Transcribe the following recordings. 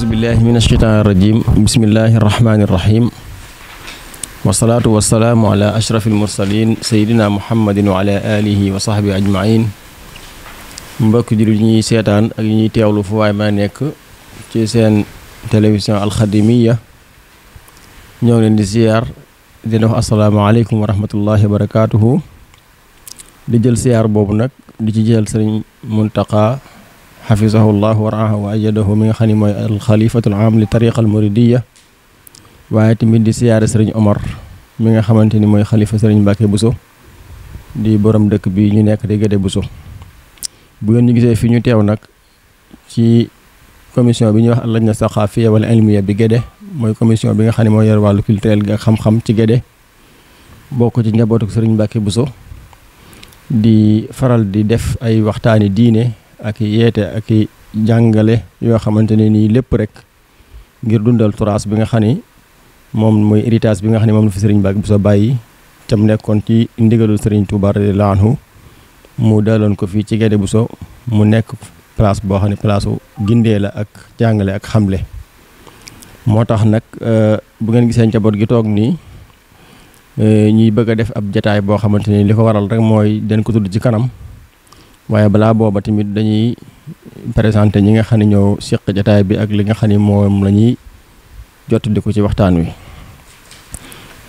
أعوذ بالله من الشيطان الرجيم بسم الله الرحمن الرحيم والصلاة والسلام على أشرف المرسلين سيدنا محمد وعلى آله وصحبه أجمعين مبكو جيرو ني سيتان اك ني فواي ما نيك تي سين الخدميه نيو لين دي السلام عليكم ورحمه الله وبركاته دي جيل زيار بوبو دي جي جيل منتقى xafisahu llahu wa raahu wa ajadahu mi nga xam ne mooy alxalifatul am li tariqa al muridiya waaye tamit di siyaare sëriñ Omar mi nga xamante ni mooy xalifa sëriñ Mbàkke Buso di borom dëkk bi ñu nekk di Guédé Buso bu ngeen ñu gisee fi ñu teew nag ci commission bi ñuy wax allaj na saxaafiya wala ilmiya bi Guédé mooy commission bi nga xam ne mooy yor wàllu culturel ga xam-xam ci Guédé bokk ci njabootu sëriñ Mbàkke Buso di faral di def ay waxtaani diine ak yeete ak jàngale yoo xamante ne nii lépp rek ngir dundal turaas bi nga xam ni moom mooy héritage bi nga xam ne moom la fi sëriñ Mbàkke Buso bàyyi tam nekkoon ci ndigalul sëriñ Tuubaa radiyallaahu anhu mu daloon ko fii ci Gaynde Buso mu nekk place boo xam ne place gindee la ak jàngale ak xamle moo tax nag bu ngeen gisee gi toog nii ñuy bëgg a def ab jataay boo xamante ni li ko waral rek mooy den ko tudd ci kanam waaye bala booba tamit dañuy présenté ñi nga xam ne ñoo seq jataay bi ak li nga xam ne moom la ñuy jottali ci waxtaan wi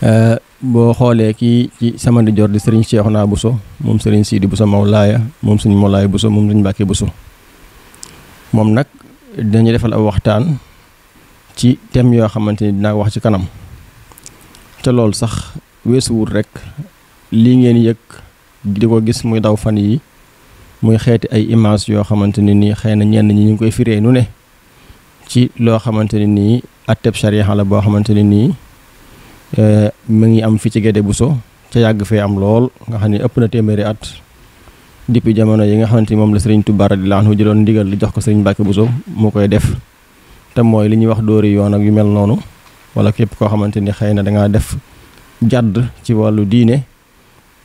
euh, boo xoolee kii ci sama jor di sëriñ Cheikhouna buso moom sëriñ Sidi buso Mawlaaya moom sëriñ Mawlaaya buso moom sëriñ Mbàkke buso moom nag dañuy defal ab waxtaan ci tem yoo xamante ni dinaa wax ci kanam te loolu sax weesuwut rek lii ngeen yëg di ko gis muy daw fan yi muy xeeti ay image yoo xamante ne nii xëy na ñenn ñi ñu ngi koy firee nu ne ci loo xamante ne nii atteb sharia la boo xamante ne nii eh, mu ngi am fi ci bu so ca yàgg fee am lool nga xam ne ëpp na téeméeri at depuis jamono yi nga xamante ni moom la sëriñ Tuubaa radiyallaahu anhu jëloon ndigal li jox ko sëriñ bu so mu koy def te mooy li ñuy wax dóori yoon ak yu mel noonu wala képp koo xamante ni xëy na dangaa def jàdd ci wàllu diine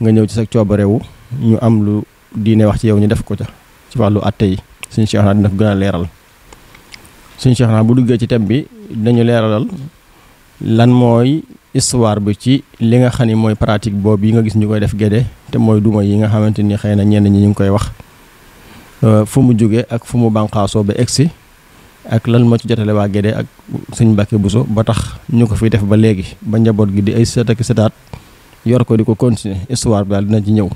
nga ñëw ci sa coobarewu ñu am lu diine wax ci yow ñu def ko ca ci wàllu atte yi suñ Cheikh naa dina ko gën leeral suñ Cheikh bu duggee ci thème bi dañu leeralal lan mooy histoire bi ci li nga xam ni mooy pratique boob yi nga gis ñu koy def gédé te mooy duma yi nga xamante ni xëy na ñenn ñi ñu ngi koy wax euh, fu mu jógee ak fu mu bànqaasoo ba si ak lan moo ci jotale waa Gédé ak sëñ Mbàkke Buso ba tax ñu ko fi def ba léegi ba njaboot gi di ay sët sëtaat yor ko di ko continuer histoire bi daal dina ci ñëw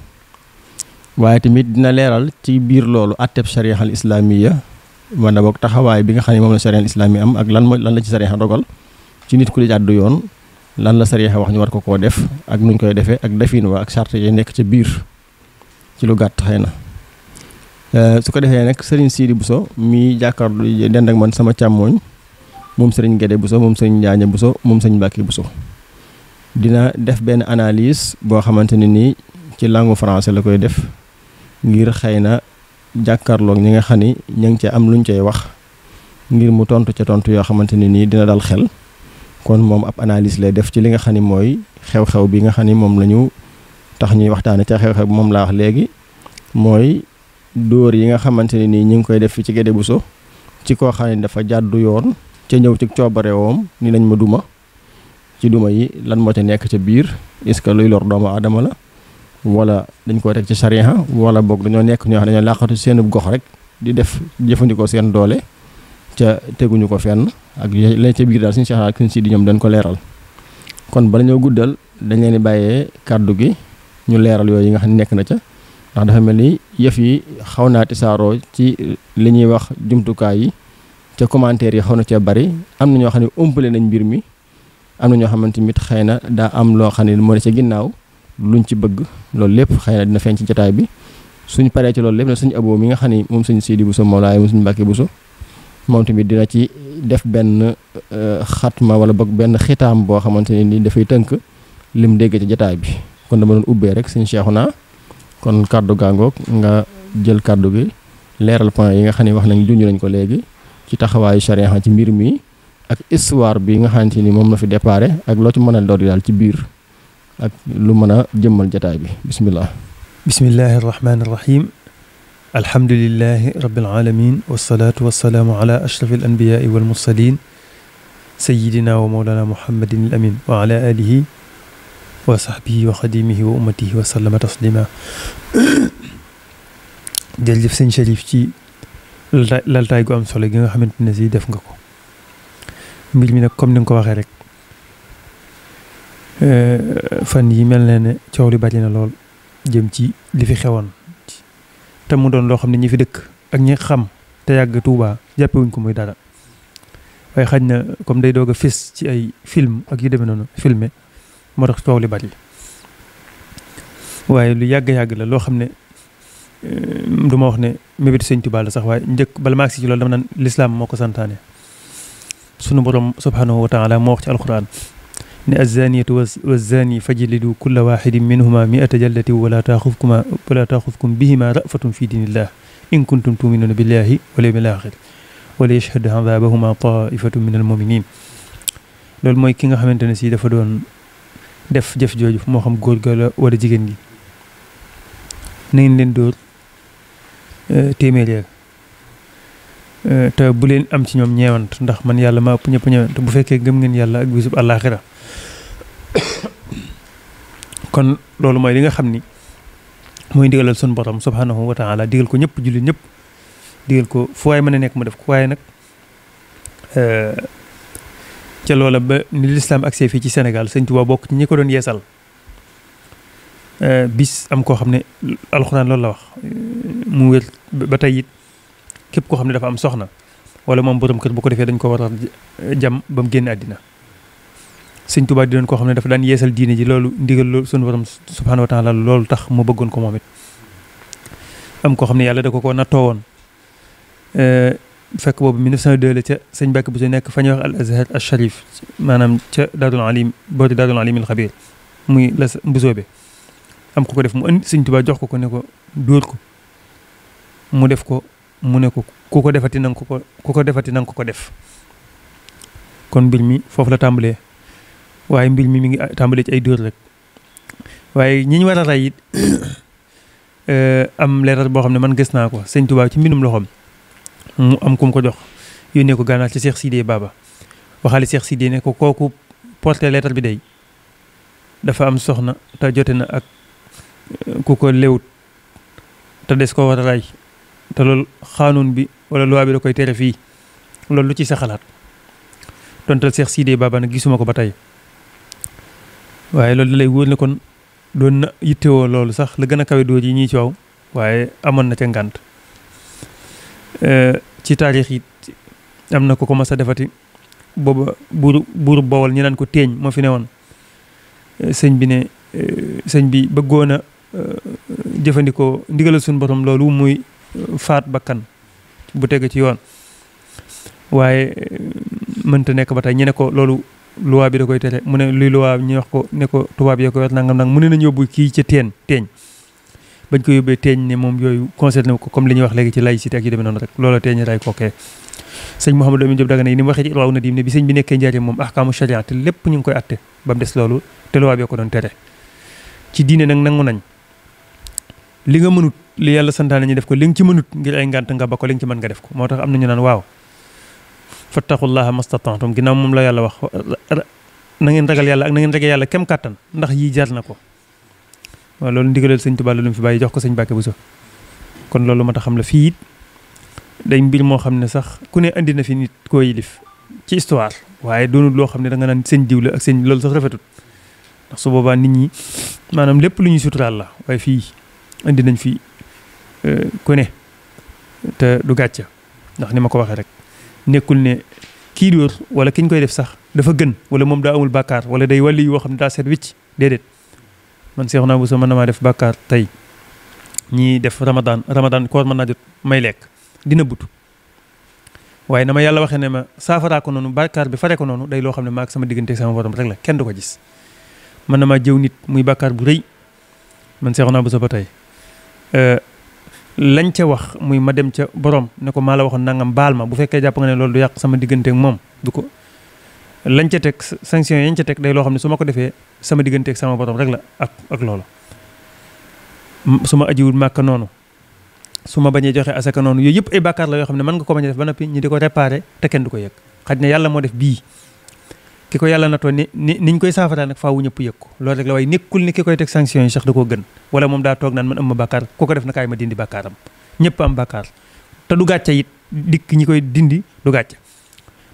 waaye tamit dina leeral ci biir loolu atteb sharia al islamiya mën na taxawaay bi nga xam ne moom la sharia al islamiya am ak lan lan la ci sharia dogal ci nit ku li jàddu yoon lan la sharia wax ñu war ko koo def ak nuñ koy defee ak defin wa ak charte yi nekk ci biir ci lu gàtt xëy na euh, su ko defee nag Sidi Bousso mi jàkkaarlu dend ak man sama càmmooñ moom sëriñ Guédé Bousso moom sëriñ Njaaña Bousso moom sëriñ Mbàkke Bousso dina def ben analyse boo xamante ni ci langue français la koy def ngir xëy na jàkkaarloog ñi nga xam ni ñu ngi ci am luñ cay wax ngir mu tontu ca tontu yoo xamante ni nii dina daal xel kon moom ab analise lay def ci li nga xam ni mooy xew-xew bi nga xam ni moom la ñu tax ñuy waxtaane ca xew-xew bi moom laa wax léegi mooy dóor yi nga xamante ne nii ñu ngi koy def fi ci bu Bousso ci koo xam dafa jàddu yoon ca ñëw ci coobarewoom ni nañ ma duma ci duma yi lan moo ca nekk ca biir est-ce que luy lor doomu aadama la wala dañ koo teg ci charia wala boog dañoo nekk ñoo xam ne dañoo làqatu seenub gox rek di def jëfandikoo seen doole ca teguñu ko fenn ak lañ ca biir daal suñu saxaar ak suñu si di ñoom dañ ko leeral kon bala ñoo guddal dañ leen di bàyyee kàddu gi ñu leeral yooyu yi nga xam ne nekk na ca ndax dafa mel ni yëf yi xaw naa tisaaroo ci li ñuy wax jumtukaay yi ca commentaire yi xaw na cee bari am na ñoo xam ne umpale nañ mbir mi am na ñoo xamante ni xëy na daa am loo xam ne moo ne ginnaaw luñ ci bëgg loolu lépp xëy na dina feeñ ci jotaay bi suñ paree ci loolu lépp na suñ abo mi nga xam ni moom suñ Sidi Bousso Mawlaay mu suñ bu Bousso moom tamit dina ci def benn euh, xatma wala bëgg benn xitaam boo xamante ni dafay tënk lim dégg ci jotaay bi kon dama doon ubbee rek suñ Cheikhouna kon kàddu gàngoog nga jël kàddu gi leeral point yi nga xam ne wax nañ junj nañ ko léegi ci taxawaayu charia ci mbir mi ak histoire bi nga xamante ni moom la fi déparé ak loo ci mën a doon ci biir ak lu mën a jëmmal jataay bi bisimilah. bismillahi rahmaani rahim. alhamdulilahi rabbil alamin wasalaatu wasalaamu ala ashrafi al anbiyaai wal mursalin sayidina wa mawlana muhammadin al amin wa ala alihi wa sahbihi wa xadimihi wa ummatihi wa sallama taslima jërëjëf sëñ Cherif ci laltaay gu am solo gi nga xamante ne si def nga ko mbir mi nag comme ni nga ko waxee rek Euh, fan yi mel na ne coow li bari na lool jëm ci li fi xewoon te mu doon loo xam ne ñi fi dëkk ak ñi xam te yàgg Touba jàppewuñ ko muy dara waaye xaj na comme day doog a fis ci ay film ak yi demee noonu filmé moo tax coow li bari waaye lu yàgg-yàgg la loo xam ne euh, du ma wax ne mébétu sëñ Touba sax waaye njëkk bala maa agsi ci loolu dama naan lislaam moo ko santaane sunu borom subhanahu wa moo wax ci alquran الزانية والزاني فجلدوا كل واحد منهما مئة جلدة ولا تأخذكم ولا تأخذكم بهما رأفة في دين الله إن كنتم تؤمنون بالله واليوم الآخر وليشهد عذابهما طائفة من المؤمنين لول موي كيغا خامتاني سي دافا دون dafa doon جوجو مو خام غور غالا ولا جيجين ني نين لين دور تيميرير Euh, te bu leen am ci ñoom ñeewant ndax man yàlla ma ëpp ñëpp ñeewant bu fekkee gëm ngeen yàlla ak bisub àllaaxira kon loolu mooy li nga xam ni mooy digalal sun borom subhanahu wa taala digal ko ñëpp jullit ñëpp digal ko fu waay mën a nekk mu def ko waaye nag euh, ca loola ba ni lislaam agsee fii ci senegal sëñ Tuubaa bokk ci ñi ko doon yeesal euh, bis am koo xam ne alxuraan loolu la wax mu wér ba tey képp koo xam ne dafa am soxna wala moom borom kër bu ko defee dañ ko war a jam ba mu génn àddina sëñ Tuubaa di doon koo xam ne dafa daan yeesal diine ji loolu ndigal loolu sunu borom subhaanahu wa taala loolu tax mu bëggoon ko moom it am koo xam ne yàlla da ko ko nattoo woon fekk boobu 1902 la ca sëñ Bakk bu si nekk fa ñuy wax al azhar al sharif maanaam ca Daarul Alim boori Daarul Alim al Xabir muy la mbusoobe am ko ko def mu indi sëñ Tuubaa jox ko ko ne ko dóor ko mu def ko mu ne ko ku ko defati nanga ko ko ku ko defati nanga ko ko def kon mbir mi foofu la tàmbalee waaye mbir mi mi ngi tàmbalee ci ay dóor rek waaye ñi ñu war eh, am leeral boo xam ne man gis naa ko sëñ Tuubaa ci mbindum loxoom mu am kum ko jox yónnee ko gànnaar ci Cheikh Sidé Baba waxaale Cheikh Sidé ne ko kooku porté leeral bi day dafa am soxna te jote na ak eh, ku ko lewut te des ko war te loolu xaanuun bi wala loi da koy tere fii loolu lu ci sa xalaat dontal Cheikh Sidé Baba nag gisuma ko ba tey waaye loolu da lay wóor ne kon doon na yittewoo loolu sax la gën a kawe dooj yi ñuy coow waaye amoon na ca ngànt eh, ci taarix yi am na ko ko mas a defati booba buur buur bowal ko téeñ moo fi ne woon eh, sëñ bi ne eh, sëñ bi bëggoon a jëfandikoo ndigalal sun borom loolu muy faat bakkan bu teg ci yoon waaye mm, mënta nekk ba tey ñu ne ko loolu luwaa bi da koy tere mu ne luy luwaa ñu wax ko ne ko tubaab yee koy wax nangam nag mu ne nañ yóbbu kii ca teen teeñ bañ ko yóbbee teeñ ne moom yooyu concerné ko comme li ñuy wax léegi ci laïcité ak yu demee noonu rek loola teeñ ray kookee sëñ Mouhamadou Lamine Diop Dagana yi ni mu waxee ci raw na dim ne bi sëñ bi nekkee njaaree moom ahkaamu sharia te lépp ñu ngi koy atte ba mu des loolu te luwaa bi ko doon tere ci diine nag nangu nañ li nga mënut li yàlla santaane ñu def ko li nga ci mënut ngir ay ngànt nga ba ko li nga ci mën nga def ko moo tax am nañu naan waaw fattaqullaha mastatantum moom la yàlla wax na ngeen ragal yàlla ak na ngeen ragal yàlla kem kàttan ndax yii jaar na ko waaw loolu ndigalal sëñ Tuubaa lu mu bàyyi jox ko sëñ Bàkke Buso kon loolu ma tax xam la fii it day mbir moo xam ne sax ku ne andi fi nit koo yilif ci histoire waaye doonul loo xam ne da nga naan sëñ diw la ak sëñ loolu sax rafetut ndax su boobaa nit ñi maanaam lépp lu ñuy suturaal la waaye fii indi nañ fi euh, ku ne te du gàcce ndax ni ma ko waxee rek nekkul ne kii dóor wala ki ñu koy def sax dafa gën wala moom daa amul bàkkaar wala day wàlli yoo xam ne daa seet wicc déedéet man seexu naa bu sa mën na maa def bàkkaar tey ñii def ramadan ramadan koor mën naa jot may lekk dina butu waaye na ma waxee ne ma saafaraa ko noonu bi fare day loo xam ne maag sama diggante sama borom rek la kenn du ko gis man na maa jëw nit muy bàkkaar bu rëy man seexu naa bu sa ba tey Euh, lañ ca wax muy ma dem ca borom ne ko maa la waxoon nangam baal ma bu fekke japp nga ne lolou du yak sama diggante ak mom du ko lañ ca tek sanction yañ ca tek day lo xamni suma ko defé sama diggante ak sama borom rek la ak ak lolou suma aji wul makka nonu suma ma joxe asaka nonu yoyep ay bakkar la yo xamni man nga ko bañ def ba nopi ñi diko réparer te kenn du ko yalla mo def bi ki ko yàlla natoo ni ni niñ koy saafaraa nag faawu ñëpp yëg ko loolu rek la waaye nekkul ni ki koy teg sanction yi sax da koo gën wala moom daa toog naan man am ma bàkkaar ku ko def na kaay ma dindi bàkkaaram ñëpp am bàkkaar te du gàcce it dikk ñi koy dindi du gàcce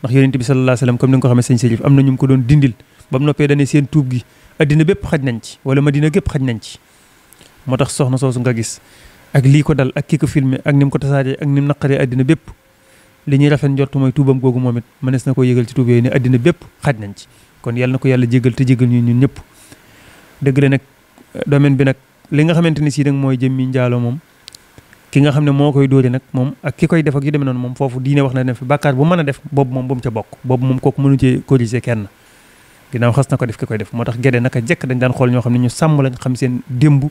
ndax yonent bi sallallahu alayhi wasallam comme ni nga ko xamee am na ñu ko doon dindil ba mu noppee dane seen tuub gi addina bépp xaj nañ ci wala madina gépp xaj nañ ci moo tax soxna soosu nga gis ak lii ko dal ak kii ko filmé ak ni mu ko tasaaree ak ni naqaree addina bépp li ñuy rafet njort mooy tuubam googu moom it mënees na ko yëgal ci tuub yooyu ne addina bépp xaj nañ ci kon yàlla na ko yàlla jégal te jégal ñu ñun ñëpp dëgg la nag domaine bi nag li nga xamante ni sii nag mooy jëmmi njaalo moom ki nga xam ne moo koy dóori nag moom ak ki koy def ak yu demee noonu moom foofu diine wax na ne fi bàkkaar bu mën a def boobu moom bu mu ca bokk boobu moom kooku mënu cee corriger kenn ginnaaw xas na ko def ki koy def moo tax gede naka jekk dañ daan xool ñoo xam ne ñu sàmm lañ xam seen démb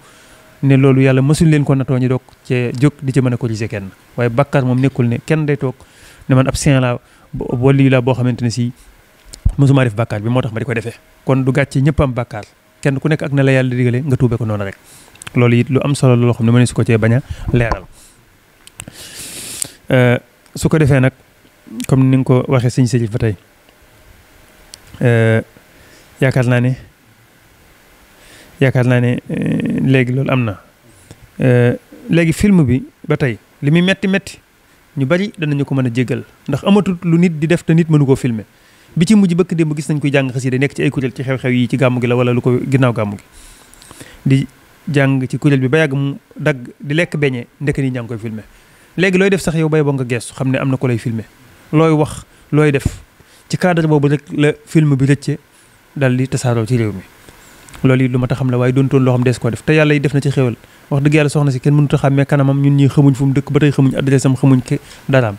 ne loolu yàlla mësul leen ko natoo ñu doog cee jóg di ci mën a corriger kenn waaye bàkkaar moom nekkul ne kenn day toog ne man ab saint la waliyu la boo xamante ne si mësuma def bàkkaar bi moo tax ma di ko defee kon du gàcce ñëpp am bàkkaar kenn ku nekk ak na la yàlla digale nga tuube ko noonu rek loolu it lu am solo loo xam ne mënees ko cee bañ a leeral euh, su ko defee nag comme ni nga ko waxee sëñ Sëriñ fa tey euh, yaakaar naa ne yaakaar naa ne eh, léegi loolu am na. Eh, léegi film bi ba tey li mu metti metti ñu bari danañu ko mën a jéggal ndax amatul lu nit di def te nit mënu koo filmer bi ci mujj bëkk démb gis nañ koy jàng xasida nekk ci ay kuréel ci xew-xew yi ci gàmmu gi la wala lu ko ginnaaw gàmmu gi di jàng ci kuréel bi ba yàgg mu dagg di lekk beñe ndekk nii ñaa koy filmer léegi looy def sax yow bay boo nga geestu xam ne am na ko lay filmer looy wax looy def ci cadre boobu rek la film bi rëcce dal di tasaaroo ci réew mi loolu lu ma ta xam la waaye doontoon loo xam des ko def te yàlla yi def na ci xéwal wax dëgg yàlla soxna si kenn mënut a xàmmee kanamam ñun ñi xamuñ fu mu dëkk ba tey xamuñ adresse sam xamuñ ke daraam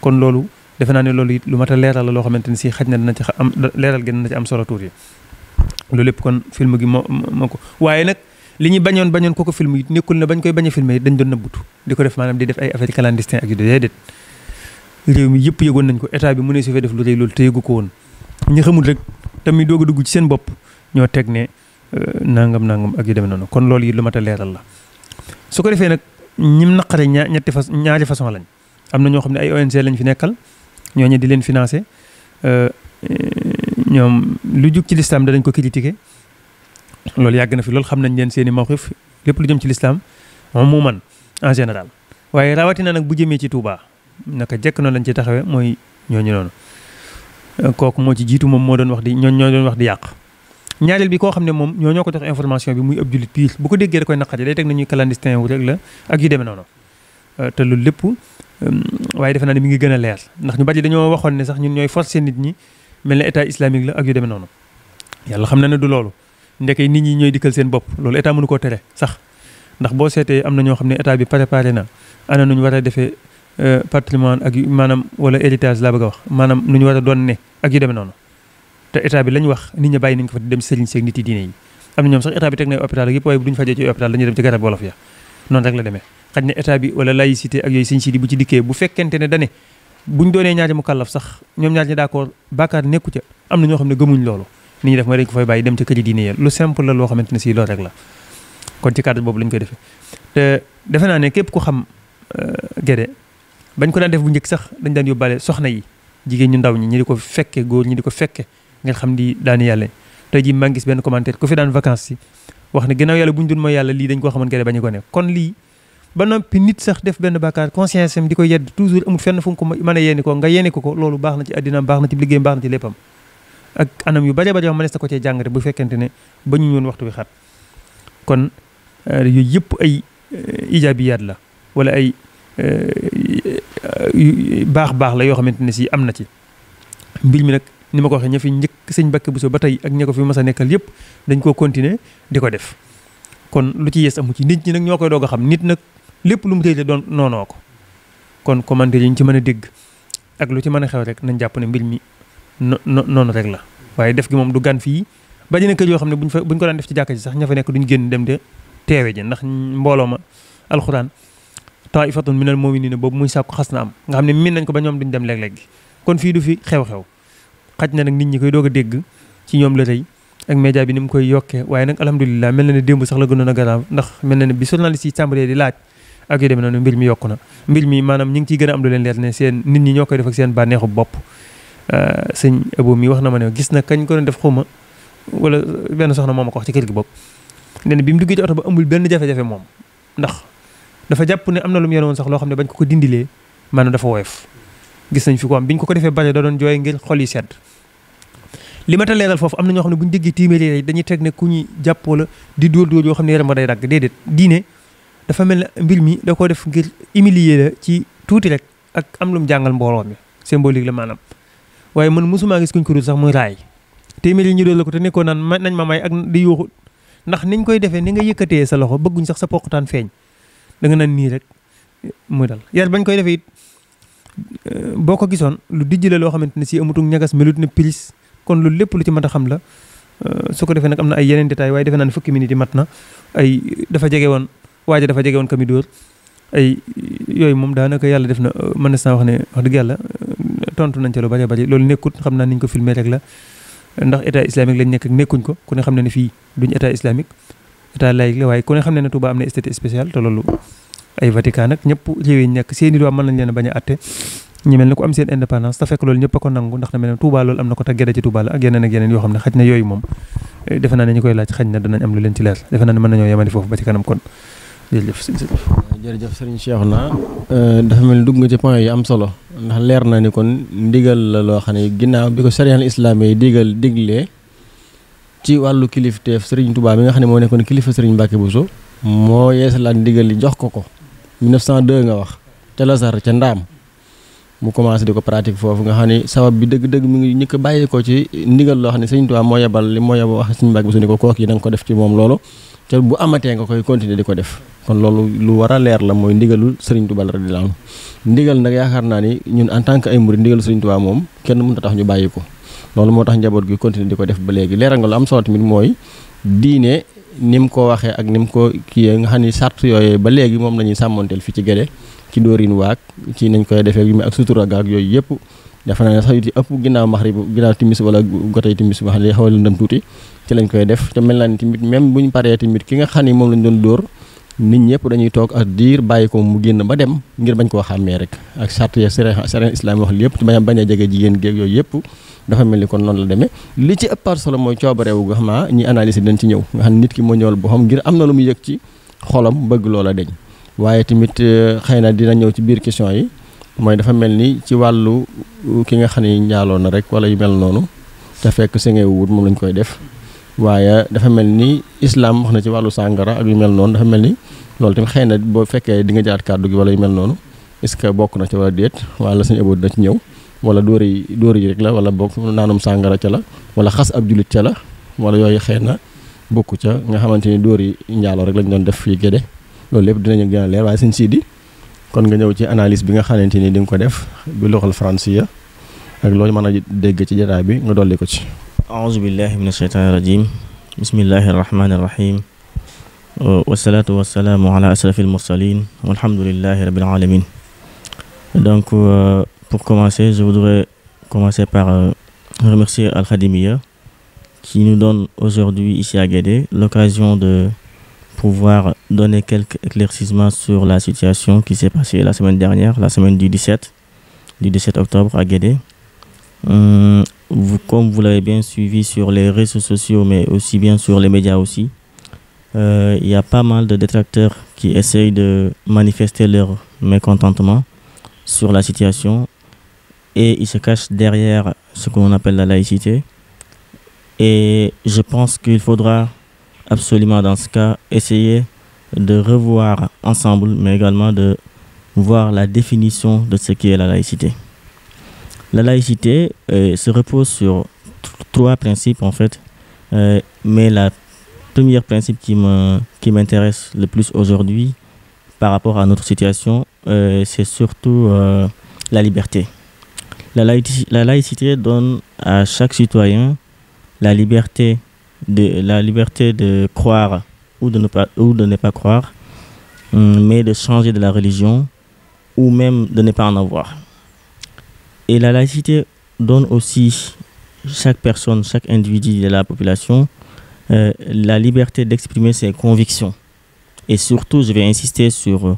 kon loolu defe naa ne loolu lu mat a leeral la loo xamante ni si xaj na dina ci am leeral gi na ci am solo tuur yi loolu lépp kon film gi moo moo ko waaye nag li ñu bañoon bañoon ko ko film yi nekkul ne bañ koy bañ a filmé yi dañ doon nëbbutu di ko def maanaam di def ay affaire clandestin ak yu déedéet réew mi yëpp yëgoon nañ ko état bi mu ne su fee def lu rëy loolu te yëgu ko woon ñu xamul rek tamit doog a dugg ci seen bopp ñoo teg ne euh, nangam nangam ak yu demee noonu kon loolu yi lu mat leeral la su ko defee nag ñim naqare ñaa ñetti fas ñaari façon lañ am na ñoo xam ne ay ONG lañ fi nekkal ñooñu di leen financé euh, ñoom lu jug ci lislaam dañ ko critiqué loolu yàgg na fi loolu xam nañ leen seeni i mawxif lépp lu jëm ci lislaam umuman en général waaye rawatina nag bu jëmee ci Touba a jekk noonu lañ ci taxawee mooy ñooñu noonu kooku moo ci jiitu moom moo doon wax di ñooñu ñoo doon wax di yàq ñaareel bi koo xam ne moom ñoo ñoo ko jox information bi muy ab jullit piir bu ko déggee da koy naqari day teg nañuy clandestin wu rek la ak yu demee noonu euh, te loolu lépp euh, waaye defe naa ne mi ngi gën a leer ndax ñu bari dañoo waxoon ne sax ñun ñooy forcer nit ñi mel ne état islamique la ak yu demee noonu yàlla xam na du loolu ndekey nit ñi ñooy dikkal seen bopp loolu état mënu koo tere sax ndax boo seetee am na ñoo xam ne état bi préparé na ana nu ñu war a defee euh, patrimoine ak maanaam wala héritage laa bëgg wax maanaam nu ñu war a doon ne ak yu demee noonu te état bi lañ wax nit ñi bàyyi nañ ko fa dem sëriñ seeg nit yi diine yi am na ñoom sax état bi teg na hôpital ak yëpp waaye bu duñ fajee ci na état bi wala yooyu sëñ si di bu ci dikkee bu fekkente ne dane buñ doonee ñaari mu kàllaf sax ñoom ñaar ñi d'accord bàkkaar nekku ca am na ñoo xam ne gëmuñ loolu ni ñuy def mooy dañ ko fay bàyyi dem ci këri diine ya lu simple la loo xamante ne si loolu rek la kon ci cadre boobu lañ koy defee te defe naa ne képp xam euh, géde bañ ko daan def bu njëkk sax dañ daan yóbbaale soxna yi jigéen ñu ndaw ñi ñi di ko fekke góor ñi di ko fekke nga xam di daani yàlla te jii maa ngi benn commentaire ku fi daan vacances si wax ne gannaaw yàlla bu ñu doon mooy yàlla lii dañ koo xamante ne bañu ko ne kon lii ba noppi nit sax def benn bàkkaar conscience am di ko yedd toujours amul fenn fu mu ko mën a yéene ko nga yéene ko ko loolu baax na ci addinaam baax na ci liggéeyam baax na ci léppam ak anam yu bare bare yoo xam ne ko cee jàngate bu fekkente ne ba ñu ñoon waxtu bi xat kon euh, yooyu yëpp ay euh, ijaabiyaat la wala ay euh, baax baax la yoo xamante ne si am na ci mbir mi nag ni ma ko waxee ña fi njëkk sëñ Mbàkke so ba tey ak ña ko fi mas a nekkal yëpp dañ koo continuer di ko def kon lu ci yees amu ci nit ñi nag ñoo koy doog a xam nit nag lépp lu mu tëjee doon noonoo ko kon commentaire yi ci mën a dégg ak lu ci mën a xew rek nañ jàpp ne mbir mi noonu rek la waaye def gi moom du gan fii bari na kër yoo xam ne buñ fa buñ ko daan def ci jàkka ji sax ña fa nekk duñ génn dem de teewe ji ndax mbooloo ma alxuraan taifatun minal muminina boobu muy sàkku xas na am nga xam ne min nañ ko ba ñoom duñ dem léeg-léeg kon fii du fi xew-xew xaj na nag nit ñi koy doog a dégg ci ñoom la tey ak média bi ni mu koy yokkee waaye nag alhamdulilah mel na ne démb sax la gënoon a garaaw ndax mel na ne bi journaliste yi di laaj ak yu demee noonu mi yokku na mbir mi maanaam ñi ngi ciy gën am lu leen leer ne seen nit ñi ñoo koy def ak seen bànneexu bopp euh, mi wax na ma ne gis na kañ ko doon def xuma wala benn soxna moom a ko wax ci kër gi bopp nee na bi mu duggee ci oto ba amul benn jafe-jafe moom ndax dafa jàpp ne am na lu mu yore woon sax loo xam ne bañ ko ko dindilee maana dafa woyof gis nañ fi ko am biñ ko ko defee bare da doon jooy ngir xol yi sedd li ma ta leeral foofu am na ñoo xam ne bu ñu déggee téeméeri dañuy teg ne ku ñu jàppoo la di dóor dóor yoo xam ne yaram ba day dagg déedéet diine dafa mel ne mbir mi da ko def ngir humilier la ci tuuti rek ak am lu mu jàngal mbooloo mi symbolique la maanaam waaye man mosumaa gis kuñ ko dul sax muy raay téeméeri ñu dóor la ko te nekkoon naan nañ ma may ak di yuuxu ndax niñ koy defee ni nga yëkkatee sa loxo bëgguñ sax sa taan feeñ da nga naan nii rek muy dal yar bañ koy defee euh, boo ko gisoon lu dijj la loo xamante ne si amutu ñagas melut na prise kon loolu lépp lu ci mat a xam la euh, su ko defee nag am na ay yeneen détails waaye defe naa ne fukki minutes mat na ay dafa jege woon waaja dafa jege woon kami dóor ay yooyu moom daanaka yàlla def na euh, mën naa wax ne wax dëgg yàlla euh, tontu nañ ca lu bari bari loolu nekkut xam naa ni ñu ko filmé rek la ndax état islamique lañ nekk nekkuñ ko ku ne xam ne ne fii duñ état islamique état laïque la waaye ku ne xam ne ne Touba am na statut spécial te loolu ay Vatican nekk seen i doom nañ leen bañ a atte ñu mel ne ku am seen indépendance te fekk loolu ñëpp ko nangu ndax na mel ne Touba am na ko te gerte ci Touba la ak yeneen ak yeneen yoo xam ne xaj na yooyu moom eh, defe naa ne ñu koy laaj xaj na danañ am lu leen ci leer defe naa ne mën nañoo yemani foofu ba ci kanam kon jërëjëf sëñ jërëjëf sëriñ Cheikhouna eh, dafa mel ni dugg nga ci point yi am solo ndax leer na ni kon ndigal la loo xam ne ginnaaw bi ko sariyaan islaam yi digal diglee ci wàllu kilifteef sëriñ Touba bi nga xam ne moo nekkoon kilifa sëriñ Mbacke Bousso moo yeesalaat ndigal yi jox ko ko 1902 nga wax ca Lazare ca Ndaam mu commencé di ko pratique foofu nga xam ne sabab bi dëgg-dëgg mu ngi ñëkk a bàyyeekoo ci ndigal loo xam ne sëñ Tuubaa moo yebal li moo yebal wax suñu mbàgg bi su ne ko kook yi di ko def kon loolu lu war a la mooy ndigalul sëriñ Tuubaa radiyallaahu anhu ndigal nag yaakaar naa ni ñun en tant que ay murid ndigal sëriñ moom kenn mënut a tax ñu ko loolu moo tax njaboot gi continuer di ko def ba léegi leeral nga lu am solo tamit mooy diine ni mu ko waxee ak ni mu ko kii nga xam ne sart yooyee ba léegi moom la ñuy sàmmoonteel fi ci géde ci dóorin waak ci nañ koy defee mi ak sutura gaak yooyu iya, yëpp ya, dafa naa ne sax yu ëpp ginnaaw maxrib ginnaaw timis wala gotey timis wax ne xawal ndam tuuti ci lañ koy def te mel naa ni tamit même buñ paree tamit ki nga xam ni moom lañ doon dóor nit ñëpp dañuy toog ak diir bàyyi ko mu génn ba dem ngir bañ koo xàmmee rek ak charte ya sereen islam wax lépp bañ a bañ a jege jigéen géeg yooyu iya, yëpp dafa mel ni kon noonu la demee eh. li ci ëpp solo mooy rew gu xam ñi analyse dañ ci ñëw nga xam nit ki moo ñëwal boo xam ngir am na lu mu yëg ci xolam bëgg loola deñ waaye tamit eh, xëy na dina ñëw ci biir question yi mooy dafa mel ni ci wàllu eh, ki nga xam ne njaaloo na rek wala yu mel noonu te fekk sengeewut moom lañ koy def waaye dafa mel ni islam wax na ci wàllu sàngara ak mel noonu dafa mel ni loolu tamit xëy na boo fekkee di nga jaat kàddu gi wala yu mel noonu est-ce que bokk na ci wala déet wala suñu ëboo dina ci ñëw wala dóor yi dóor yi rek la wala bokk naanum sàngara ca la wala xas ab julit ca la wala yooyu xëy na bokku ca nga xamante ni dóor yi njaaloo rek lañ doon def fii géde loolu lépp dinañu gën a leer waaye sëñ Sidi kon nga ñëw ci analyse bi nga xamante ni di nga ko def bi loxol français ak loolu mën a dégg ci jotaay bi nga dolli ko ci aouzu billahi min asheytaani rajim bismillahi arrahmani irrahim wasalaatu wasalaamu ala mursalin almursalin walhamdulillahi rabbil alamin donc euh, pour commencer je voudrais commencer par euh, remercier Al Khadimiyyah qui nous donne aujourd'hui ici à Guédé l'occasion de pouvoir donner quelques éclaircissements sur la situation qui s'est passée la semaine dernière, la semaine du 17, du 17 octobre à Guédé. Hum, comme vous l'avez bien suivi sur les réseaux sociaux, mais aussi bien sur les médias aussi, euh, il y a pas mal de détracteurs qui essayent de manifester leur mécontentement sur la situation et ils se cachent derrière ce qu'on appelle la laïcité. Et je pense qu'il faudra absolument dans ce cas essayer de revoir ensemble, mais également de voir la définition de ce qu'est la laïcité. La laïcité euh, se repose sur trois principes en fait, euh, mais le premier principe qui m'intéresse le plus aujourd'hui par rapport à notre situation, euh, c'est surtout la liberté. La, laïcité donne à chaque citoyen la liberté de la liberté de croire ou de ne pas, ou de ne pas croire, hum, mais de changer de la religion ou même de ne pas en avoir. Et la laïcité donne aussi chaque personne, chaque individu de la population euh, la liberté d'exprimer ses convictions. Et surtout, je vais insister sur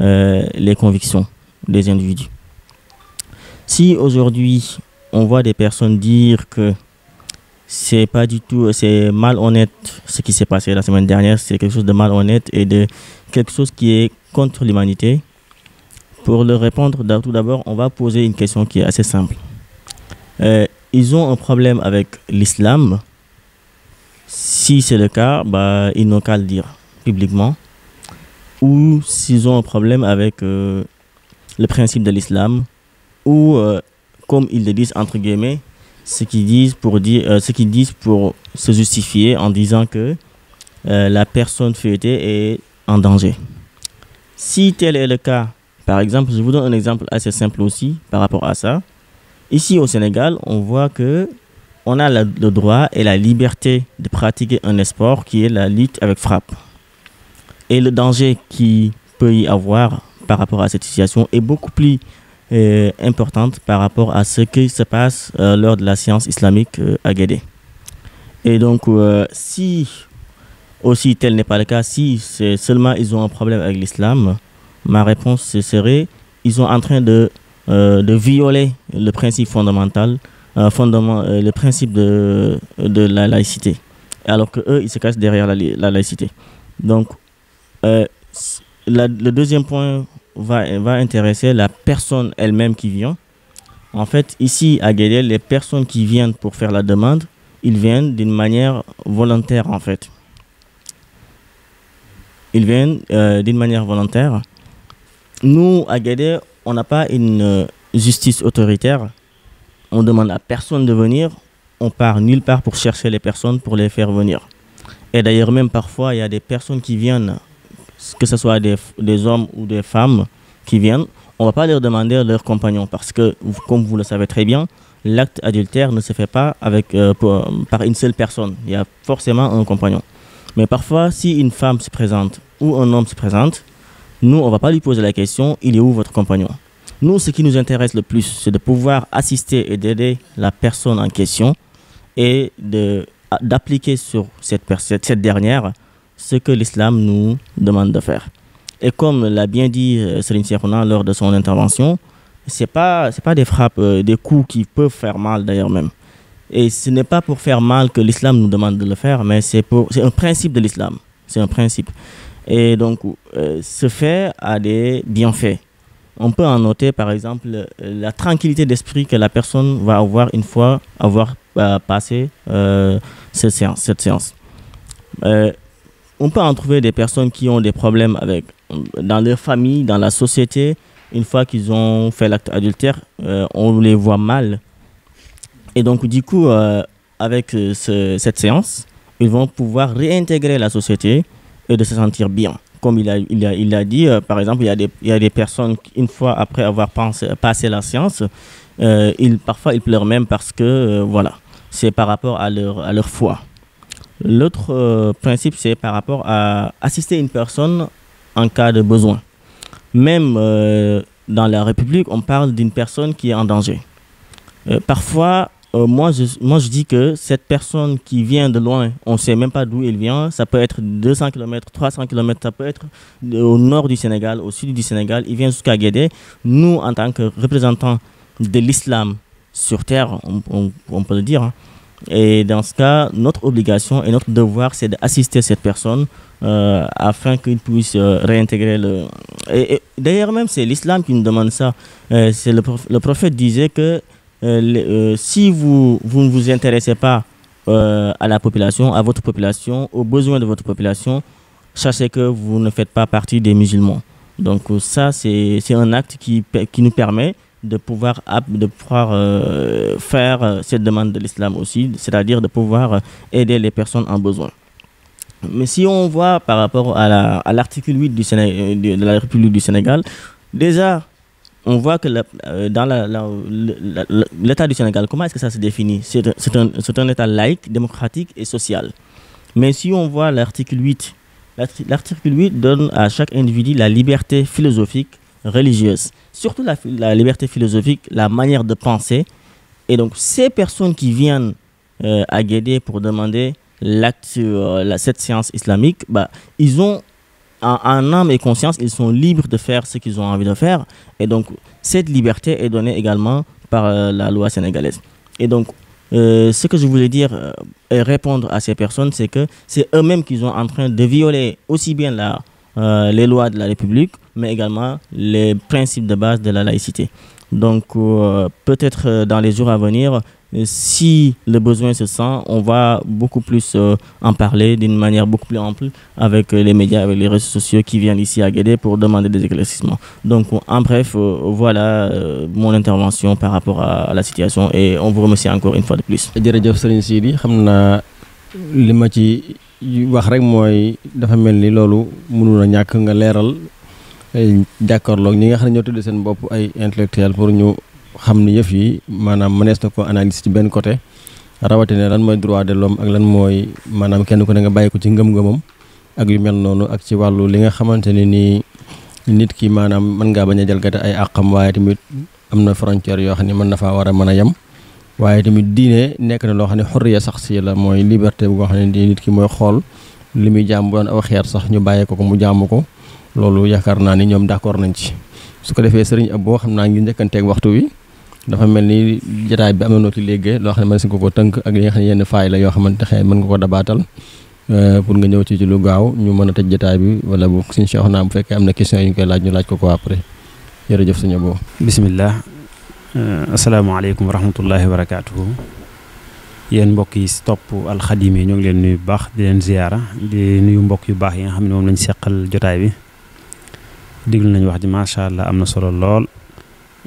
euh, les convictions des individus. Si aujourd'hui on voit des personnes dire que c'est pas du tout, c'est malhonnête ce qui s'est passé la semaine dernière. C'est quelque chose de malhonnête et de quelque chose qui est contre l'humanité. Pour leur répondre, tout d'abord, on va poser une question qui est assez simple. Euh, ils ont un problème avec l'islam. Si c'est le cas, bah, ils n'ont qu'à le dire publiquement. Ou s'ils ont un problème avec euh, le principe de l'islam, ou euh, comme ils le disent entre guillemets, ce qu'ils disent pour dire euh, ce qu'ils disent pour se justifier en disant que euh, la personne feuilletée est en danger. Si tel est le cas, par exemple, je vous donne un exemple assez simple aussi par rapport à ça. Ici au Sénégal, on voit que on a le droit et la liberté de pratiquer un sport qui est la lutte avec frappe. Et le danger qui peut y avoir par rapport à cette situation est beaucoup plus euh, importante par rapport à ce qui se passe euh, lors de la science islamique euh, à Guédé. Et donc, si aussi tel n'est pas le cas, si seulement ils ont un problème avec l'islam, ma réponse serait ils sont en train de, violer le principe fondamental, fondament, le principe de, la laïcité, alors qu'eux, ils se cachent derrière la, laïcité. Donc, le deuxième point va, va intéresser la personne elle-même qui vient. En fait, ici à Guédé, les personnes qui viennent pour faire la demande, ils viennent d'une manière volontaire en fait. Ils viennent euh, d'une manière volontaire. Nous, à Guédé, on n'a pas une euh, justice autoritaire. On demande à personne de venir. On part nulle part pour chercher les personnes pour les faire venir. Et d'ailleurs, même parfois, il y a des personnes qui viennent que ce soit des, hommes ou des femmes qui viennent, on ne va pas leur demander leur compagnon parce que, comme vous le savez très bien, l'acte adultère ne se fait pas avec, euh, par une seule personne. Il y a forcément un compagnon. Mais parfois, si une femme se présente ou un homme se présente, nous, on ne va pas lui poser la question, il est où votre compagnon Nous, ce qui nous intéresse le plus, c'est de pouvoir assister et d'aider la personne en question et ah, d'appliquer sur cette, cette dernière ce que l'islam nous demande de faire. Et comme l'a bien dit euh, Serine Sirona lors de son intervention, ce n'est pas, pas des frappes, euh, des coups qui peuvent faire mal d'ailleurs même. Et ce n'est pas pour faire mal que l'islam nous demande de le faire, mais c'est un principe de l'islam. C'est un principe. Et donc, ce fait a des bienfaits. On peut en noter, par exemple, euh, la tranquillité d'esprit que la personne va avoir une fois avoir passé cette séance. Cette séance on peut en trouver des personnes qui ont des problèmes avec, dans leur famille, dans la société. Une fois qu'ils ont fait l'acte adultère, euh, on les voit mal. Et donc, du coup, euh, avec euh, cette séance, ils vont pouvoir réintégrer la société et de se sentir bien. Comme il a, il a, dit, par exemple, il y, a des, il y personnes, une fois après avoir passé la séance, ils, parfois ils pleurent même parce que, voilà, c'est par rapport à leur, à leur foi. L'autre euh, principe, c'est par rapport à assister une personne en cas de besoin. Même euh, dans la République, on parle d'une personne qui est en danger. Euh, parfois, moi, je, moi, je dis que cette personne qui vient de loin, on ne sait même pas d'où elle vient, ça peut être 200 km, 300 km, ça peut être au nord du Sénégal, au sud du Sénégal, il vient jusqu'à Guédé. Nous, en tant que représentants de l'islam sur Terre, on, peut le dire, hein, et dans ce cas, notre obligation et notre devoir, c'est d'assister cette personne euh, afin qu'il puisse euh, réintégrer le. Et, d'ailleurs, même c'est l'islam qui nous demande ça. Euh, le, prophète disait que si vous, vous ne vous intéressez pas à la population, à votre population, aux besoins de votre population, sachez que vous ne faites pas partie des musulmans. Donc, ça, c'est un acte qui, qui nous permet de pouvoir, de pouvoir euh, faire euh, cette demande de l'islam aussi, c'est-à-dire de pouvoir euh, aider les personnes en besoin. Mais si on voit par rapport à l'article 8 du de la République du Sénégal, déjà, on voit que dans l'État du Sénégal, comment est-ce que ça se définit C'est un, un, État laïque, démocratique et social. Mais si on voit l'article 8, l'article 8 donne à chaque individu la liberté philosophique, religieuses. Surtout la, liberté philosophique, la manière de penser. Et donc, ces personnes qui viennent euh, à Guédé pour demander euh, cette science islamique, bah, ils ont en, âme et conscience, ils sont libres de faire ce qu'ils ont envie de faire. Et donc, cette liberté est donnée également par euh, la loi sénégalaise. Et donc, ce que je voulais dire et répondre à ces personnes, c'est que c'est eux-mêmes qu'ils sont en train de violer aussi bien la euh, les lois de la République, mais également les principes de base de la laïcité. Donc euh, peut-être euh, dans les jours à venir, si le besoin se sent, on va beaucoup plus en parler d'une manière beaucoup plus ample avec les médias, avec les réseaux sociaux qui viennent ici à Guédé pour demander des éclaircissements. Donc, en bref, voilà mon intervention par rapport à, à, la situation et on vous remercie encore une fois de plus. wax rek mooy dafa mel ni loolu mënul ñàkk nga leeral jàkkaarloog ñi nga xam ne ñoo tuddee seen bopp ay intellectuel pour ñu xam ni yëf yi maanaam mënees na ko analyse ci benn côté rawatina lan mooy droit de l'homme ak lan mooy maanaam kenn ku ne nga bàyyi ko ci ngëm-ngëmam ak yu mel noonu ak ci wàllu li nga xamante ne nii nit ki maanaam mën ngaa bañ a jalgate ay àqam waaye tamit am na frontière yoo xam ne mën na faa war a mën a yem. waaye tamit diine nekk na loo xam ne xurriya sax si la mooy liberté bu nga xam ne di nit ki mooy xool li muy jaam bu doon aw xeer sax bàyyee ko ko mu jaamu ko loolu yaakaar naa ni ñoom d'accord nañ ci su ko defee sëriñ boo xam naa ngi njëkkanteeg waxtu wi dafa mel ni jataay bi am na noo ci léegi loo xam ne mën si ko ko tënk ak li nga xam yenn faay la yoo xamante xëy mën nga ko dabaatal euh, pour nga ñëw ci ci lu gaaw ñu mën a tëj jataay bi wala bu si Cheikh naa bu fekkee am na question yu ñu koy laaj ñu laaj ko ko après jërëjëf suñu boobu bismillah Euh, asalaamaaleykum wa rahmatullahi wa barakaatuhu mbokk yi stop topp yi ñoo ngi leen nuyu baax di leen ziyaara di nuyu mbokk yu baax yi nga xam ne moom lañ seqal jotaay bi diglu nañ wax ji macha allah am na solo lool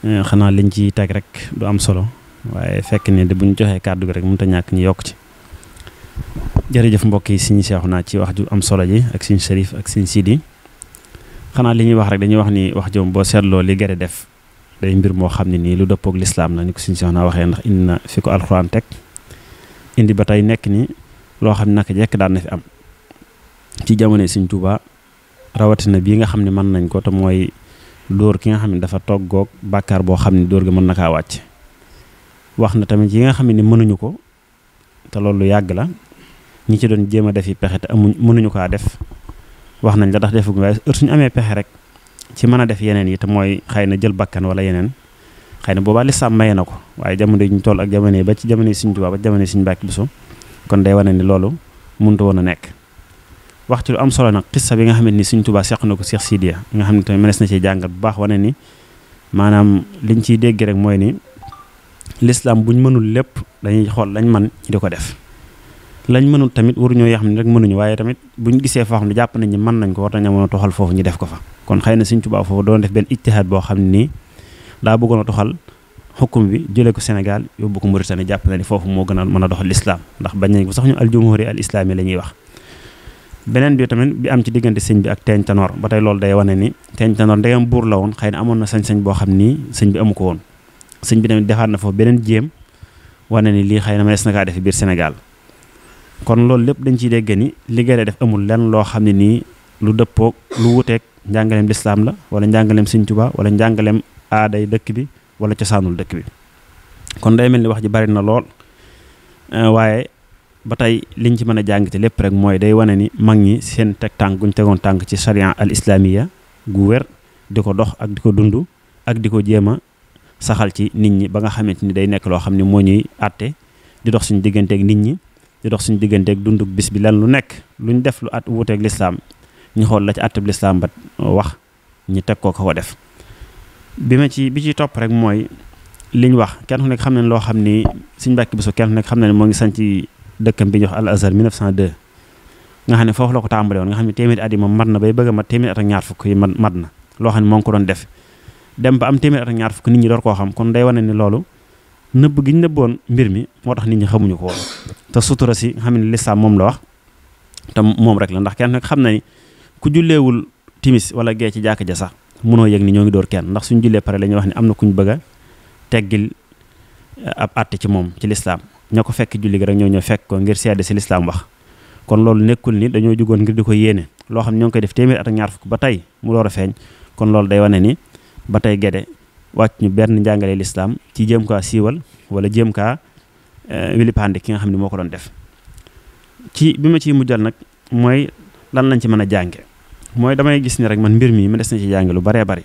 euh, xanaa liñ ci teg rek du am solo waaye fekk ne de bu ñu joxee kàddu gi rek mënut a ñàkk ñu yokk ci. jërëjëf mbokk yi suñu seexu naa ci wax ju am solo ji ak suñu sërif ak suñu sidi xanaa li ñuy wax rek dañuy wax ni wax jom boo seetloo li gere def. day mbir moo xam ne nii lu dëppoog lislaam la ni ko suñ soxna waxee ndax inna na fi ko alquran teg indi ba tey nekk ni loo xam ne naka jekk daan na fi am ci jamono suñ Tuubaa rawatina bii nga xam ne mën nañ ko te mooy dóor ki nga xam ne dafa toggoog bàkkaar boo xam ne dóor gi mën na kaa wàcc wax na tamit yi nga xam ne mënuñu ko te loolu yàgg la ñi ci doon jéem a def yi pexe te amuñ mënuñu def wax la tax waaye heure suñu amee pexe rek ci mën a def yeneen yi mooy xëy na jël bakkan wala yeneen xëy na boobaa lislaam maye na ko waaye jamono yi ñu toll ak jamono yi ba ci jamono yi Sëriñ Tuubaa ba ci jamono yi Sëriñ Mbàkke Buso kon day wane ni loolu mënut woon a nekk wax ci lu am solo nag xissa bi nga xamante ni Sëriñ Tuubaa seq na ko Seex Sidiya nga xam ne tamit mënees na cee jàngat bu baax wane ni maanaam liñ ciy dégg rek mooy ni lislaam buñ mënul lépp dañuy xool lañ man ñi di ko def lañ mënul tamit waruñoo yoo xam ne rek mënuñu waaye tamit buñ gisee foo xam ne jàpp nañ ni mën nañ ko war nañoo mën a toxal foofu ñu def ko fa kon xëy na Sëriñ Tuubaa foofu doon def benn ijtihaad boo xam ne nii daa bëggoon a toxal xukkum bi jëlee ko Sénégal yóbbu ko Mauritanie jàpp na ni foofu moo gën a mën a doxal lislaam ndax bañ nañ ko sax ñu al jumhuri al islaami la ñuy wax beneen bi tamit bi am ci diggante sëñ bi ak Teeñ Tanoor ba tey loolu day wane ni Teeñ Tanoor ndegam buur la woon xëy na amoon na sañ-sañ boo xam ni sëñ bi amu ko woon sëñ bi tamit defaat na foofu beneen jéem wane ni lii xëy na mënees na kaa def biir Sénégal kon loolu lépp dañ ci dégg ni liggéey def amul lenn loo xam ne nii lu dëppoog lu wuteeg njàngaleem lislaam la wala njàngaleem Sëñ Tuubaa wala njàngaleem aaday dëkk bi wala cosaanul dëkk bi kon day mel ni wax ji bari na lool eh, waaye ba tey liñ ci mën a jàngite lépp rek mooy day wane ni mag ñi seen teg tànk guñ tegoon tànk ci sharia al islamiya gu wér di ko dox ak di ko dund ak di ko jéem saxal ci nit ñi ba nga xamante ni day nekk loo xam ne moo ñuy àtte di dox suñu digganteeg nit ñi di dox suñu digganteeg dundug bis bi lan lu nekk luñ def lu at wuuteeg lislaam ñu xool la ci àttub lislaam ba wax ñu teg ko ko def bi ma ci bi ci topp rek mooy liñ wax kenn ku nekk xam nañ loo xam ni suñu mbàkki bisu kenn ku na ne moo ngi sanc dëkkam bi ñuy wax al azhar 1902 nga ne foofu la ko tàmbale woon nga xam ne téeméeri at yi moom mat na bay bëgg a mat téeméeri at ak ñaar fukk na loo xam ne moo ngi ko doon def dem ba am ñaar fukk nit ñi door koo xam kon dey day wane ni loolu nëbb gi ñu nëbboon mbir mi moo tax nit ñi xamuñu ko te sutura si nga xam ne lislaam moom la wax te moom rek la ndax kenn nag xam na ni ku julleewul timis wala gee ci jàkk ja sax mënoo yëg ni ñoo ngi door kenn ndax suñu jullee pare la wax ni am na kuñ bëgg teggil eh, ab àtte ci moom ci lislaam ña ko fekk julli gi ñoo ñoo fekk ko ngir seede si lislaam wax kon loolu nekkul ni dañoo jugoon ngir di ko yéene loo xam ne ñoo ngi koy def téeméer at ak ñaar fukk ba tey mu door kon loolu day wane ni ba tey gede wàcc ñu benn njàngale lislaam ci jéem kaa siiwal wala jëm kaa eh, wilipande ki nga xam ne moo ko doon def ci bi ma ciy mujjal nag mooy lan lañ ci mën a jànge mooy damay gis ni rek man mbir mii ma des na ci jànge lu baree bari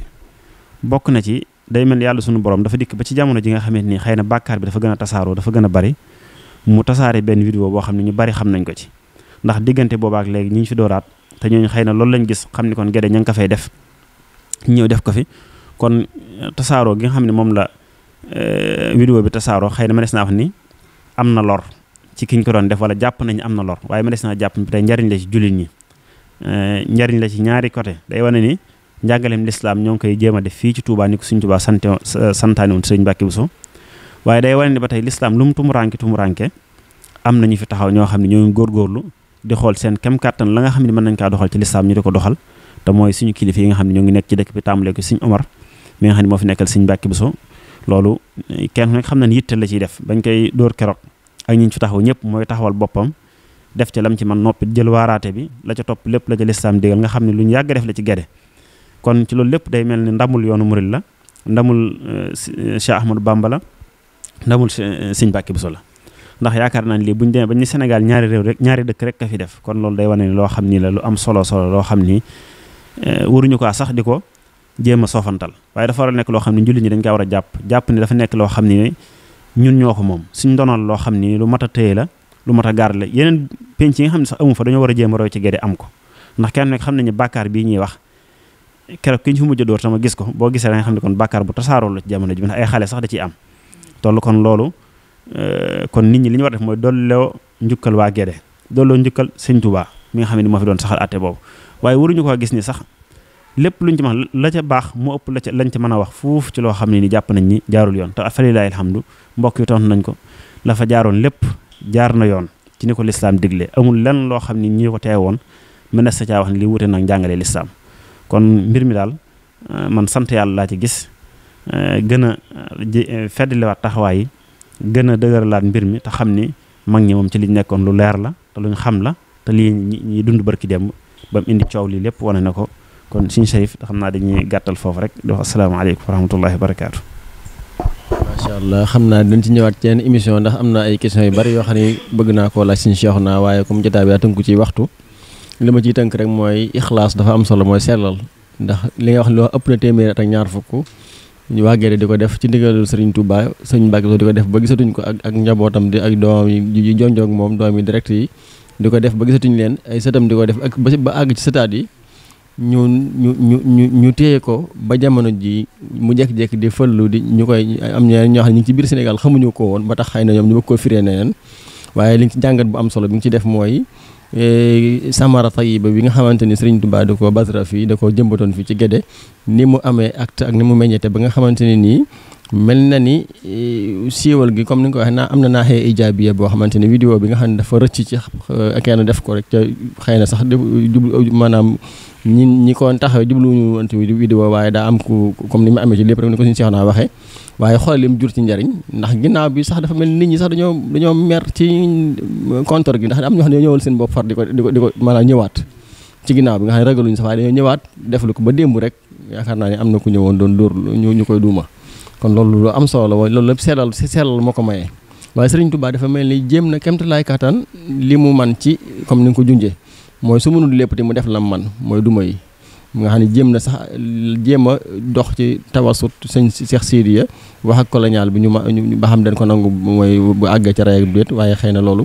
bokk na ci day mel yàll sunu borom dafa dikk ba ci jamono ji nga xamante ni xëy na bàkkaar bi dafa gën a tasaaroo dafa gën a bari mu tasaare benn vidéo boo xam ne ñu bari xam nañ ko ci ndax diggante boobaak léegi ñu ngi fi dooraat te ñooñu xëy na loolu lañ gis xam ni kon gede ña nga ko fay def ko fi kon eh, tasaaroo gi nga xam ne moom la eh, vidéo bi tasaaroo xay na ma des naa wax ni am na lor ci ki ko doon def jàpp nañu am na lor waaye ma des naa jàpp la ci jullit ñi eh, njariñ la ci ñaari côté day wane ni njàngaleem lislaam ñoo ngi koy jéem a def fii ci Touba ni ko Sëriñ Touba sante santaane woon Sëriñ Mbàkke Buso waaye day wane ni ba tey lu mu tumuranke tumuranke am na ñu fi ñoo xam ne ñoo ngi góorgóorlu di xool seen kem kàttan la nga xam ne mën nañ kaa doxal ci lislaam ñu di ko doxal te mooy suñu kilifa yi nga xam ne ñoo ngi nekk ci dëkk bi tàmbalee ko Sëriñ Omar mi nga xam ne moo fi nekkal sëñ Mbàkke Buso loolu kenn nag xam na ni yitte la ciy def bañ koy dóor keroog ak ñi ñu fi taxaw ñëpp mooy taxawal boppam def ca lam ci man noppi jël waaraate bi la ca topp lépp la ca lislaam dégal nga xam ne lu ñu yàgg def la ci gede kon ci loolu lépp day mel ni ndamul yoonu murid la ndamul euh, Cheikh Ahmadou Bamba la ndamul euh, sëñ Mbàkke Buso la ndax yaakaar naa ne lii buñ dee ba ñu Sénégal ñaari réew rek ñaari dëkk rek a fi def kon loolu day wane loo xam ni la lu am solo solo loo xam ni euh, waruñu ko sax di ko jéem a soofantal waaye dafa war a nekk loo xam ne jullit ñi dañ koy war a jàpp jàpp ni dafa nekk loo xam ne ñun ñoo ko moom suñ donoon loo xam ni lu mat a la lu mat a gaar la yeneen penc nga xam ne amu fa dañoo war a jéem a roy ci gede am ko ndax kenn nekk xam nañu bàkkaar bii ñuy wax keroog ki ñu fi mujj door sama gis ko boo gisee da nga xam ne kon bàkkaar bu tasaaroo la ci jamono ji ndax ay xale sax am toll kon loolu euh, kon nit ñi li ñu war def mooy dool dolloo njukkal waa gede dolloo njukkal sëñ Tuubaa mi nga xam ne moo fi doon saxal atte boobu waaye waruñu ko gis ni sax lépp luñ ci wax la ca baax mu ëpp la ca lañ ci mën a wax fuuf ci loo xam ne ni jàpp nañ ni jaarul yoon te falilaay alhamdu mbokk yi tontu nañ ko la fa jaaroon lépp jaar na yoon ci ni ko lislaam digle amul lenn loo xam ne ñi ko tee woon mënees sa caa wax wute nag jàngale lislaam kon mbir mi daal euh, man sant yàlla laa ci gis euh, gën a euh, feddliwaat taxawaay gën a dëgëralaat mbir mi te xam ni mag ñi moom ci liñ nekkoon lu leer la te luñ xam la te lii ñi dund barki dem ba indi coow lii lépp wane na ko kon suñu Cherif xam naa dañuy gàttal foofu rek di wax asalaamaaleykum wa rahmatullahi wa barakaatu. macha allah xam naa dañ ci ñëwaat ci émission ndax am na ay questions yu bari yoo xam ne bëgg naa koo laaj suñu Cheikh naa waaye comme jotaay bi daa tënku ci waxtu li ma ciy tënk rek mooy ixlaas dafa am solo mooy sellal ndax li nga wax loo ëpp na téeméer ak ñaar fukk ñu wax gerte di ko def ci ndigalul Serigne Touba Serigne Mbacke di ko def ba gisatuñ ko ak ak njabootam di ak doom yi jonjoog moom doom yi direct yi di ko def ba gisatuñ leen ay sëtam di ko def ak ba àgg ci sëtaat yi ñu ñu ñu ñu ñu téye ko ba jamono ji mu jékki-jékki di fëllu di ñu koy am ñeneen ñoo ñu ci biir Sénégal xamuñu ko woon ba tax xëy na ñoom ñu bëgg ko firee neneen waaye liñ ci jàngat bu am solo bi nga ci def mooy e, samara tayiba bi nga xamante ni Serigne Touba da ko basra fii da ko jëmbatoon fii ci Gédé ni mu amee acte ak ni mu meññeete ba nga xamante ne nii mel na ni e, siiwal gi comme ni nga ko naa am na naaxee ijaabiya boo xamante ne vidéo bi nga xam ne dafa rëcc ci e, kenn def ko rek ca xëy na sax maanaam ñin ñi koon taxaw jubluwuñu woon ci vidéo waaye daa am ku comme ni mu amee ci lépp rek ni ko suñu seex naa waxee waaye xoolal li ci njariñ ndax ginnaaw bi sax dafa mel ni ñi sax dañoo dañoo mer ci compteur gi ndax am ñoo ne ñëwal seen bopp far di ko di ko di ko maanaam ñëwaat ci ginnaaw bi nga xam ne ragaluñu sax waaye dañoo ñëwaat def ko ba démb rek yaakaar naa ne am na ku ñëwoon doon dóor ñu ñu koy duuma kon loolu lu am solo loolu lépp seelal si seelal moo ko mayee waaye Sëriñ Tuubaa dafa mel ni jéem na kéemtalaay kattan li mu man ci comme ni nga ko junjee mooy su mënul lépp te mu def la man mooy duma yi nga xam ne jéem na sax jéem dox ci tawasut sëñ Cheikh Sidiya wax ak colonial bi ñu ma ba xam dañ ko nangu mooy bu àggee ca rey ak déet waaye xëy na loolu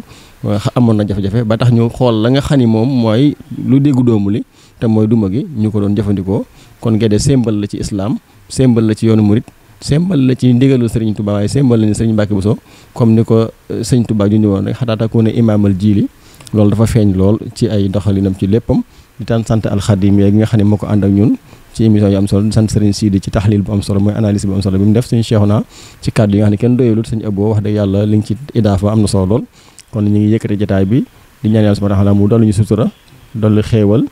amoon na jafe-jafe ba tax ñu xool la nga xam ni moom mooy lu dégg doomu li te mooy duma gi ñu ko doon jëfandikoo kon Guédé symbole la ci islaam symbole la ci yoonu murit symbole la ci ndigalu sëriñ Touba waaye symbole la ni Serigne bu Bousso comme ni ko euh, sëñ Touba ju ñëwoon rek xataata ko ne imaamal jiili loolu dafa feeñ lool ci ay doxalinam ci léppam di daan sant alxadim yi nga xam ne moo ko ànd ak ñun ci émission yu am solo di sant Serigne Sidi ci taxlil bu am solo mooy analyse bu am solo bi mu def suñu Cheikhouna ci kàddu yi nga xam ne kenn doyalut suñu ëbboo wax dëgg yàlla li nga ci idaafa am na solo lool kon ñu ngi yëkkati jotaay bi di ñaan yàlla subhanahu wa taala mu dolli ñu sutura dolli xéewal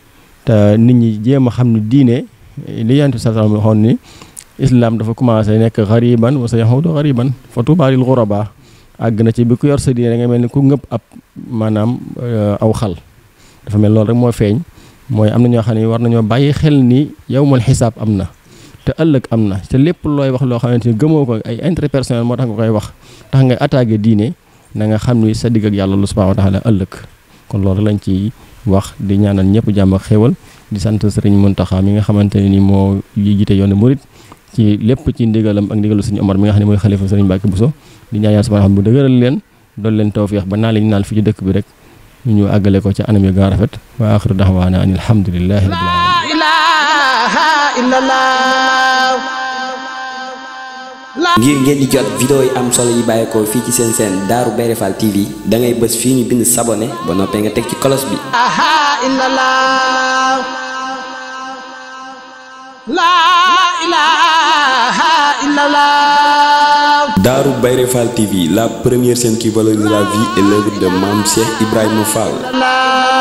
te nit ñi jéem a xam ne diine li yonent bi sallallahu alayhi wa sallam waxoon ni islam dafa commencé nekk xariban wa sa yahudu xariban fa tuubaa lil xurabaa agna ci bi ku yor sa diine nga melni ku ngëpp ab manam eh, aw xal dafa mel lool rek moo feñ moy amna ño xani war nañoo bayyi xel ni yawmul hisab amna te ëlëk amna. te lepp loy wax lo xamanteni gëmoko ay interpersonnel personnel tax nga koy wax tax nga attaqué diine na nga xam ni sa dig ak yalla subhanahu wa taala ëlëk kon loolu lañ ci wax di ñaanal ñepp jamm ak xewal di sante serigne muntaha mi nga xamanteni ni ni yi jité yone mourid ci lepp ci ndigalam ak ndigalu serigne Omar mi nga xam moy khalifa serigne sëriñ Buso di ñaan yàlla subhaana xam bu dëgëral leen dool leen tawfiix ba naa li ñu naan fi ci dëkk bi rek ñu ñu àggale ko ci anam yu gaa wa ngir ngeen di jot vidéo yi am solo yi ci TV da ngay ñu bind sabonné ba nga ci bi. La ilaha illallah daaru Bayré Fall TV, la première scène qui valorise la vie et l'œuvre de Mam Cheikh Ibrahim Fall.